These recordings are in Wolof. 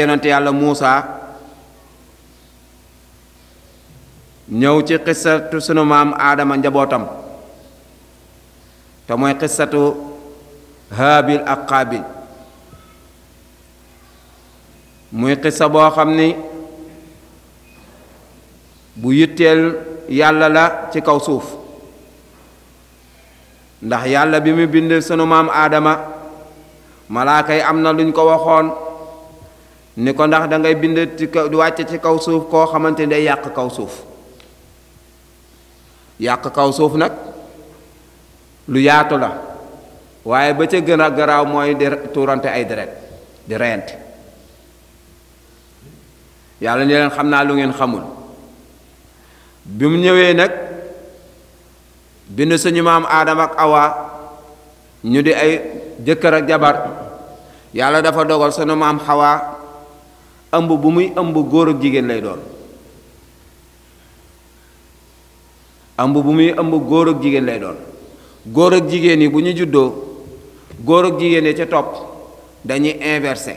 yonent yàlla Muusa ñëw ci xissatu sunu maam aadama njabootam te mooy xissatu haabil ak xaabil muy xissa boo xam ni bu yitteel yàlla la ci kaw suuf ndax yàlla bi mu bind sunu maam aadama malaaka yi am na luñ ko waxoon ni ko ndax da ngay bind ci kaw wàcce ci kaw suuf koo xamante ni day yàq kaw suuf yàq kaw suuf nag lu yaatu la waaye ba ca gën a garaaw mooy di tuurante ay deret di reyante yàlla ni leen xam naa lu ngeen xamul bi mu ñëwee nag bind suñu maam aadama ak awa ñu di ay jëkkër ak jabar yàlla dafa dogal sunu maam xawaa ëmb bu muy ëmb góor ak jigéen lay doon ëmb bu muy ëmb góor ak jigéen lay doon góor ak jigéen yi bu ñu juddoo góor ak jigéen yi ca topp dañuy inversé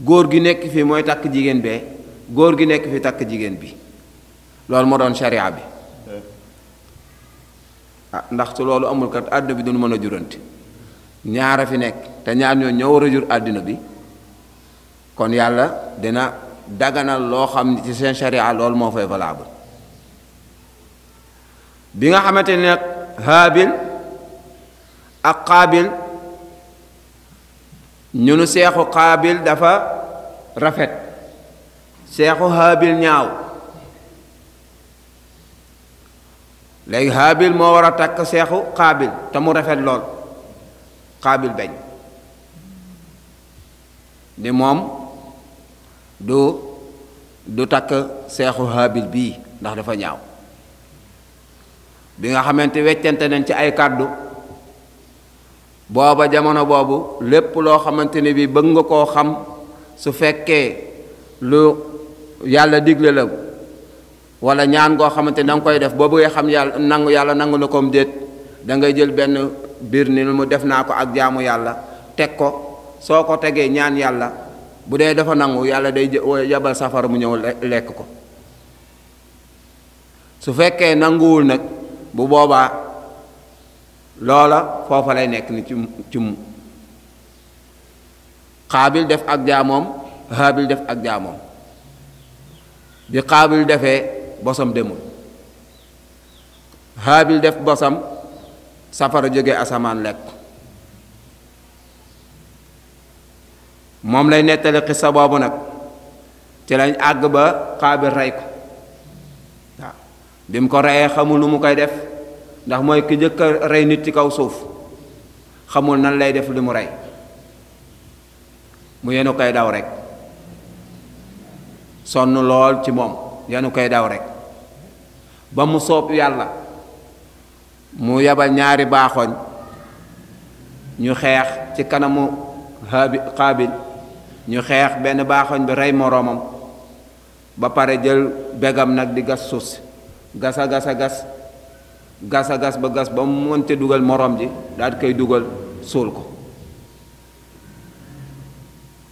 góor gi nekk fi mooy takk jigéen bee góor gi nekk fi takk jigéen bi loolu moo doon sharia bi ah ndaxte loolu amul kat àdduna bi duñu mën a ñaar a fi nekk te ñaar ñoo ñoo war a jur àddina bi kon yàlla dina daganal loo xam ni ci seen sharia loolu moo fay valable bi nga xamante ne haabil ak xaabil ñu nu seexu xaabil dafa rafet seexu haabil ñaaw léegi haabil moo war a takk seexu xaabil te mu rafet lool xaabil bañ di moom du du takk seexu haabil bii ndax dafa ñaaw bi nga xamante weccante nañ ci ay kàddu booba jamono boobu lépp loo xamante ne bi bëgg nga koo xam su fekkee lu yàlla digle la walla ñaan goo xamante da nga koy def boo bëggee xam yàlla nangu yàlla nangu na koom déet dangay jël benn biir ni mu def naa ko ak jaamu yàlla teg ko soo ko tegee ñaan yàlla bu dee dafa nangu yàlla day yabal safara mu ñëw lekk ko su fekkee nanguwul nag bu boobaa loola foofa lay nekk ni ci ci mu xaabil def ak jaamoom haabil def ak jaamoom bi xaabil defee bosam demul haabil def bosam safara jóge asamaan lekk moom lay nettali sa boobu nag ci lañ àgg ba xaabil rey ko bi mu ko reyee xamul lu mu koy def ndax mooy ki njëkk rey nit ci kaw suuf xamul nan lay def li mu rey mu yenu koy daw rek sonn lool ci moom yenu koy daw rek ba mu soob yàlla mu yabal ñaari baaxoñ ñu xeex ci kanamu xaabil ñu xeex benn baaxoñ bi rey moroomam ba pare jël begam nag di gas suuf si gas a gas a gas gas a gas ba gas ba mu mënte dugal moroom ji daal di koy dugal suul ko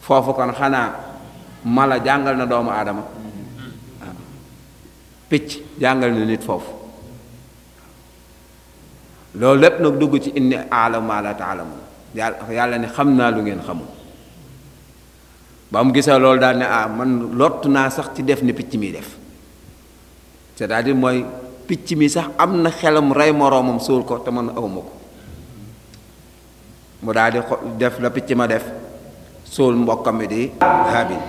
foofu kon xanaa mala jàngal na doomu aadama picc jàngal na nit foofu loolu lépp nag dugg ci indi aalamu maa laa taalamuun yàlla ne xam naa lu ngeen xamul ba mu gisee loolu daal ne ah man lott naa sax ci def ni picc mi def cest à mooy picc mi sax am na xelam rey moroomam suul ko te man awma ko mu daal di def la picc ma def suul mbokkam mi di Haabil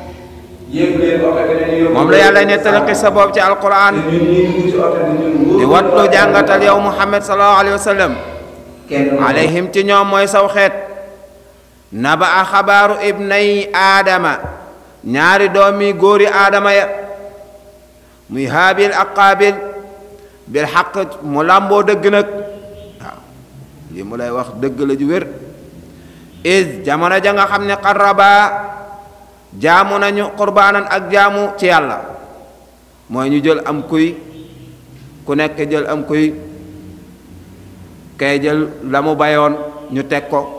moom la yàlla nettali xisa boobu ci alquran di wattu jàngatal yow Muhammad sallallahu alayhi ci ñoom mooy saw xeet naba a xabaaru ibnay aadama ñaari doomi góori aadama ya muy haabil ak qaabil bil xaq mu làmboo dëgg nag waaw mu lay wax dëgg la ju wér is jamono ja nga xam ne qarrabaa jaamu nañu qurbaanan ak jaamu ci yàlla mooy ñu jël am kuy ku nekk jël am kuy kay jël la bayoon ñu teg ko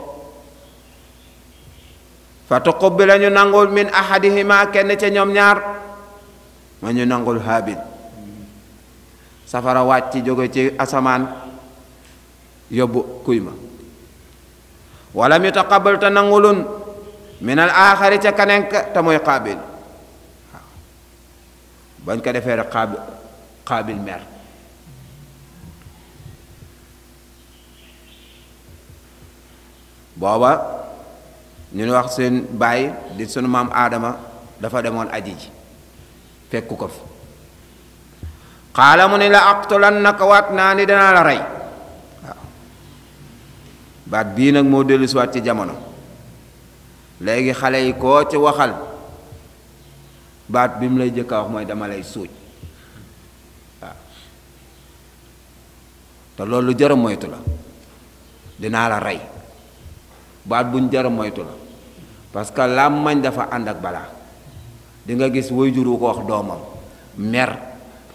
fa tuqbila ñu nangul min ahadihima kenn ci ñom ñaar ma ñu nangul habil safara wàcc joge ci asaman yobbu kuyma wala walam taqabbal ta nangulun min al axari ta kaneen ka te mooy qaabil bañ ka defé rek qabil mer baba ñu ne wax seen baay di sunu maam aadama dafa demoon aji ji fekku ko fi xaala mu ni la aqtulannaka waat naa ni danaa la rey baat bii nag moo dellusi ci jamono léegi xale yi koo ci waxal baat bi mu lay jëkk wax mooy dama lay suuj te loolu lu moytu la dinaa la rey baat buñ jar moytu la parce que làmmañ dafa and ak bala di nga gis wayjuru juru ko wax domam mer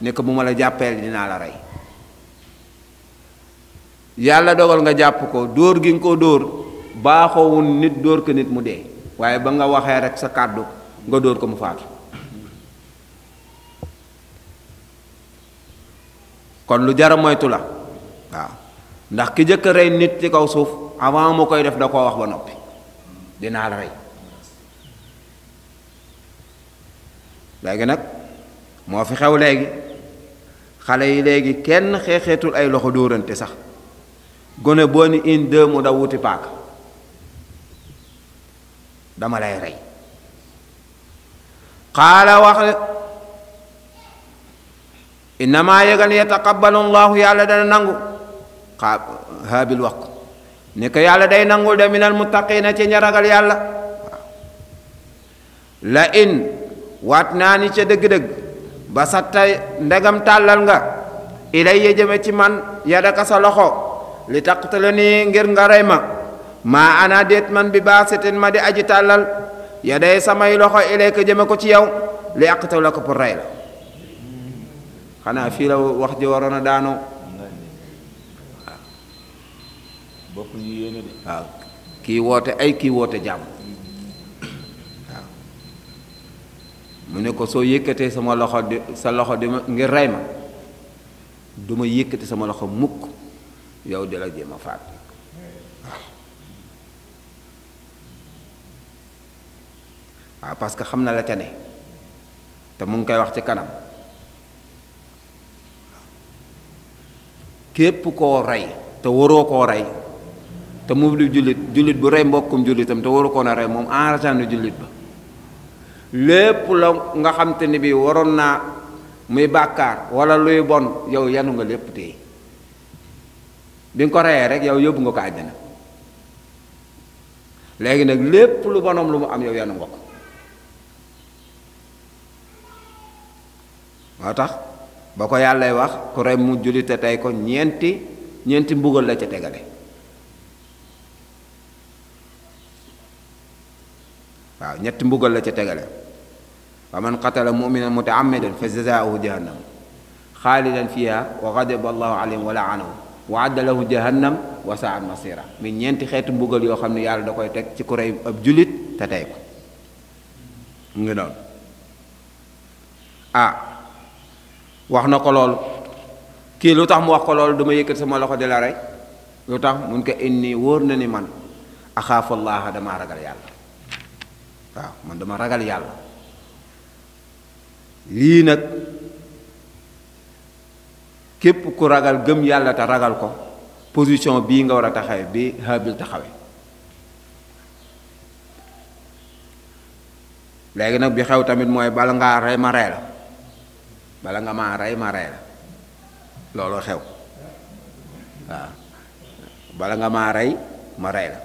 ne ko buma la jappel dina la ray yalla dogal nga japp ko dor gi ko dóor baaxoowun nit dor ke nit mu dee waaye ba nga rek sa kaddu nga dor ko mu faatu kon lu jara moytu la waaw ndax ki jëkk nit ci kaw suuf avant mu koy def da koo wax ba noppi dinaa la rey léegi nag moo fi xew léegi xale yi léegi kenn xeexeetul ay loxo dóorante sax gone boo ni une deux mu daw wuti paaka dama lay rey xaala wax innamaa yëgal yataqabbalu allahu yàlla dana nangu xaa haabil ne ko yalla day nangul de minal muttaqina ci ñaragal yalla la in wat naa ni ca deug dëgg ba satta ndegam talal nga ilay ya ci man yadaka sa loxo li taqtalani ngir nga ma ana det man bi basatin ma di aji talal ya day samay loxo ilay ka jëme ko ci yow li aqtalaka pour rey la wax ji warona daano bokkul waaw kii woote ay kii woote jàmm waaw mu ne ko soo yëkkatee sama loxo di sa loxo di ma ngir rey ma du yëkkati sama loxo mukk yow di la jéem faat waaw parce que xam na la ca ne te mu ngi koy wax ci kanam képp koo rey te waroo koo rey te mu julit julit bu rey mbokum julitam te waru ko na rey moom enrasaan julit ba lepp la nga xam bi waroon naa muy bakar wala luy bon yow yanu nga lepp te bi nga ko reyee rek yow yóbbu nga ko àjjana legi nak lepp lu bonom lu mu am yow yanu nga ko moo tax ba wax ku mu julite tay ko ñeenti ñeenti mbugal la ca tegalé waaw ñetti mbugal la ca tegale wa man qatala muminan mutaammidan fa jazaauhu jahannam xaalidan fiha wa gadiba allahu alayhi wa laanahu wa adda lahu jahannam wa saat masira mi ñeenti xeetu mbugal yoo xam ne yàlla da koy teg ci ku rey ab julit te tey ko mu ngi noonu ah wax na ko loolu kii lu tax mu wax ko loolu dama yëkkat sama loxo di la rey lu tax mun ko inni wóor na ni man axaafu allaha damaa ragal yàlla waaw man dama ragal yàlla lii nag képp ku ragal gëm yàlla te ragal ko position bii nga war a taxawe bi Haabil taxawe léegi nag bi xew tamit mooy bala ngaa rey ma rey la bala nga maa rey ma rey la looloo xew waaw bala nga maa rey ma rey la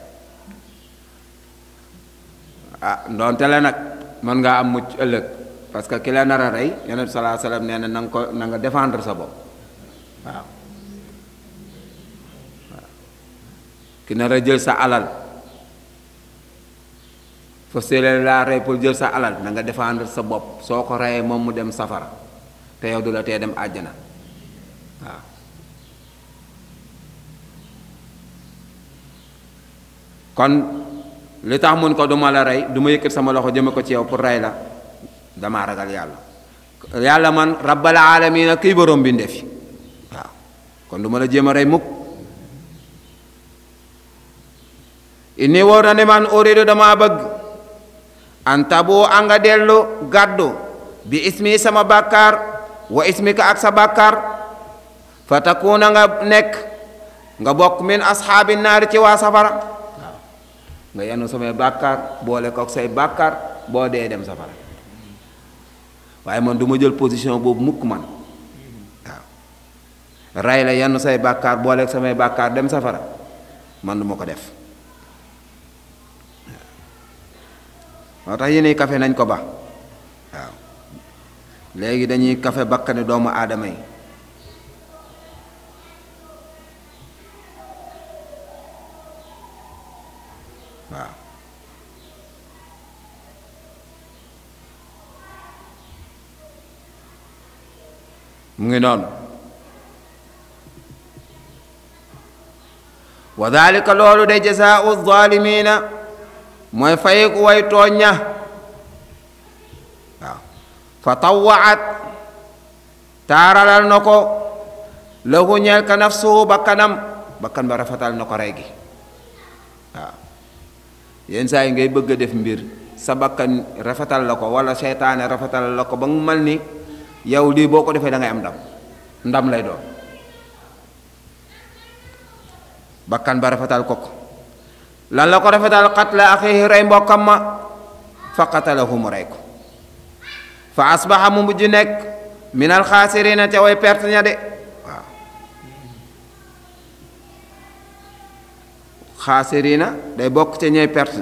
ah ndonte la nag mën ngaa am mucc euleuk parce que ki la nar a rey yonent bi salaa salaam nee ko na nga défendre sa bop waaw ki nara jël sa alal fa séelé la pour jël sa alal nang nga défendre sa bop soko ray mom mu dem safara te yow dula te dem aljana waaw kon li tax mun ko duma la ray duma yëkkat sama loxo jëme ko ci yow pour ray la dama ragal yàlla yàlla man rabbal alamin, kii borom bi ndefi waaw kon duma la jema ray mukk inni ne man uridu dama bëgg an tabu anga bi ismi sama bakar, wa ismi ak aksa bakar, fatakuna nga nek nga bok min ashabin nar ci wa safara nga yenu samay bàkkaar boole ko ak say bàkkaar boo dee dem safara waaye man duma jël position boobu mukk man waaw rey la yenn say bàkkaar boole ak samay bàkkaar dem safara man du ma ko def moo tax yéen kafe nañ ko ba waaw léegi dañuy kafe bakkani doomu aadama yi mu ngi noonu wa dalika loolu de jazaau zalimina mooy fayiku way tooñña waaw fa tawaat taaralal na ko lahu ñeel ka nafsuhu bakkanam bakkan ba rafetal na ko rey gi saa yi ngay bëgg a def mbir sa bakkan rafetal la ko wala seytaane rafetal la ko ba mu ni yow li boko defé da ngay am ndam ndam lay do bakkan barafatal rafetal ko lan la ko rafatal qatla akhihi ray mbokam ma fa qatalahu fa asbaha nek min al khasirina ta way perte nya de khasirina day bok ci ñay perte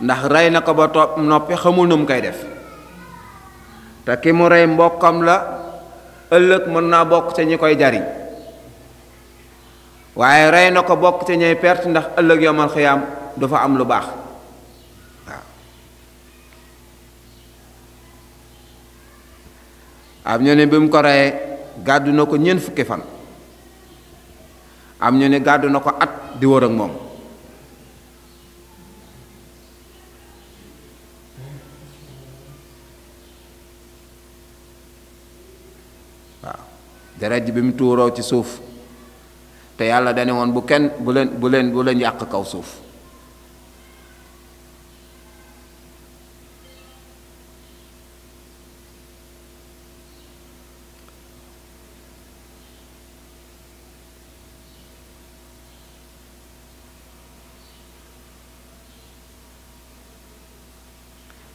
ndax ray na ko ba top nopi xamul num kay def te ki mu rey mbokkam la ëllëg mën naa bokk ca ñi koy jariñ waaye rey na ko bokk ca ñay perte ndax ëllëg yomal xiyaam du fa am lu baax am ñu ne bi mu ko reyee gàddu na ko ñeent fukki fan am ñu ne gàddu na ko at di wër moom deret bi mu tuuroo ci suuf te yàlla dane woon bu kenn bu leen bu leen bu leen yàq kaw suuf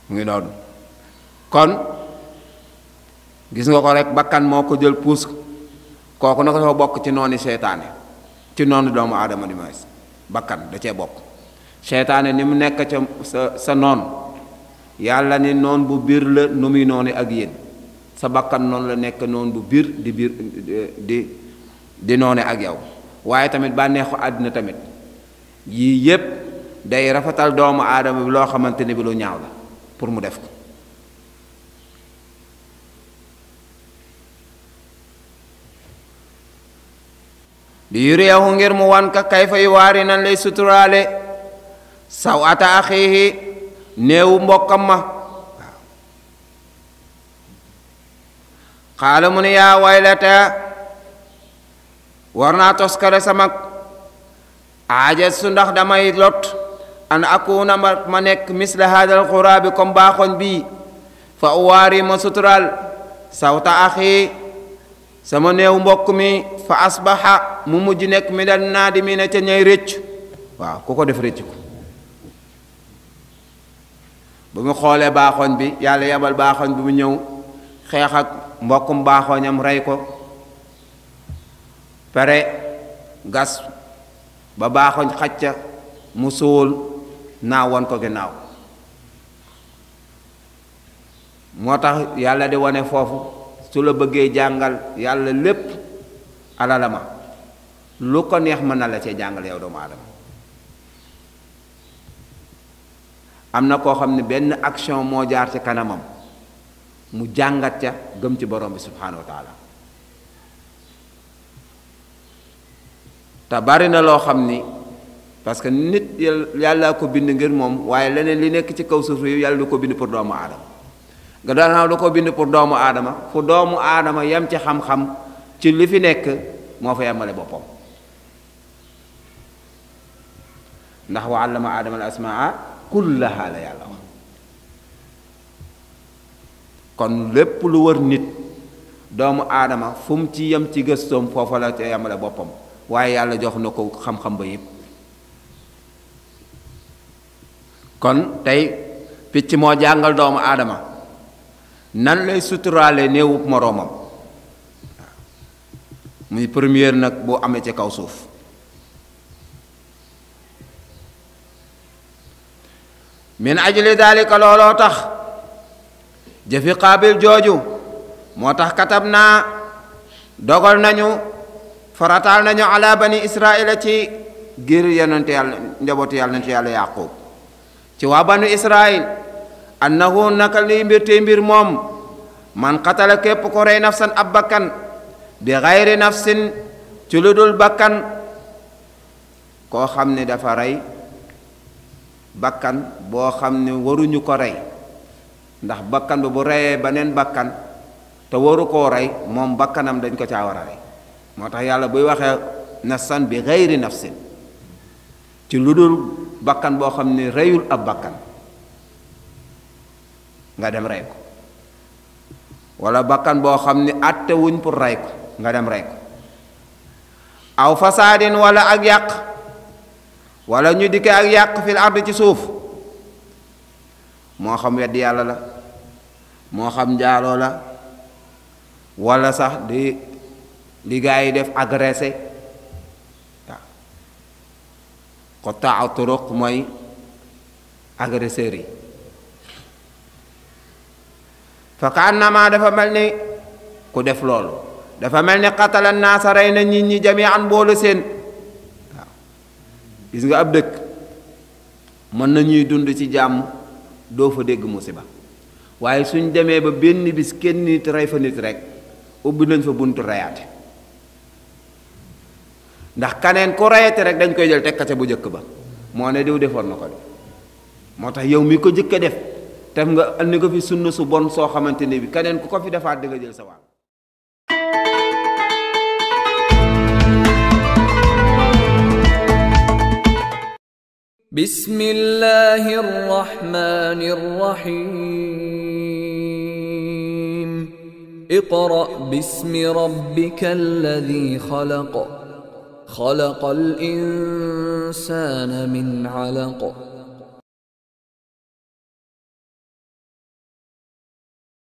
ngi noonu kon gis nga ko rek bakkan moo ko jël pousse kooku nag dafa bokk ci noonu seytaane ci noonu doomu aadama di mais bakkan da cee bokk seytaane ni mu nekk ca sa sa noon yàlla ni noon bu biir la nu muy noonu ak yéen sa bakkan noonu la nekk noon bu biir di biir di di noone ak yow waaye tamit bànneexu àddina tamit yii yépp day rafetal doomu aadama bi loo xamante ni bi lu ñaaw la pour mu def ko li yuriyahu ngir mu wan ka kayfa yu waari nan lay suturaale saw ata axiihi néewu mbokkam ma xaala mu ne yaa waylata war naa toskare sama aaja su ndax damay lot an akuna ma nekk misla hadal xuraabi comme baaxoon bii fa uwaari ma suturaal sawta axi sama néew mbokk mi fa asbaxa mu mujj nekk mi dal naadimina ca ñay rëcc waaw ku ko def rëcc ko ba mu xoolee baaxoñ bi yàlla yebal baaxoñ bi mu ñëw xeex ak mbokkum baaxoñam rey ko pare gas ba baaxoñ xacca mu suul naaw woon ko ginnaaw moo tax yàlla di wane foofu su la bëggee jàngal yàlla lépp alalama lu ko neex mën na la cee jàngale yow doomu aadama am na koo xam ne benn action moo jaar ci kanamam mu jàngat ca gëm ci borom bi subhaanahu wa te bari na loo xam ni parce que nit yàlla ko bind ngir moom waaye leneen li nekk ci kaw suuf yàlla du ko bind pour doomu aadama nga daanaaw da koo bind pour doomu aadama fu doomu aadama yam ci xam-xam ci li fi nekk moo fa yamale boppam ndax wa allama aadama al asmaa kullaha la yàlla wax kon lépp lu wër nit doomu aadama fu ci yam ci gëstoom foofa la ca yamale boppam waaye yàlla jox na ko xam-xam ba yépp kon tey picc moo jàngal doomu aadama nan lay suturaale néewub moroomam muy première nag boo amee ci kaw suuf min ajli dalika looloo tax jëfi qaabil jooju moo tax katab naa dogal nañu farataal nañu ala bani israila ci giir yonente yàlla njabootu yàlla nante ci waa banu israil annahu nakal li tembir mom, mbir man qatala kep ko rey nafsan abakan, bi ghairi nafsin tuludul bakan dul bakkan koham ne dafa ray bakkan bo xamne ne waruñu ko ray ndax bakkan ba bu reyee beneen bakkan te waru ko ray mom bakanam dañ ko ca wara ray motax yalla nafsan bi ghairi nafsin ci ludul dul bakkan xamne rayul ne ab nga dem ray ko wala bakkan boo xam ni atte wuñ pour ray ko nga dem ray wala ak wala ñu dikke ak yàq fil ard ci suuf moo xam wedd yàlla la moo xam wala sax di li agresi, def agressé waaw xotaa turuq mooy fa ma dafa melni ni ku def lolou dafa melni ni an-nas rayna nit ñi jami'an an boole seen gis nga ab dekk man na ñuy dund ci jamm do fa deg musiba waye suñ demee ba benn bis kenn nit ray fa nit rek ubbi nañ fa buntu reyaate ndax kanen ko reyate rek dañ koy jël teg ca bu jëkk ba mo ne diw defon nako motax yow mi ko def def nga andi nga fi sunna su bon soo xamante ne bi keneen ku ko fi defaat da nga jël sa wàll بسم الله الرحمن الرحيم اقرا باسم ربك الذي خلق خلق الانسان من علق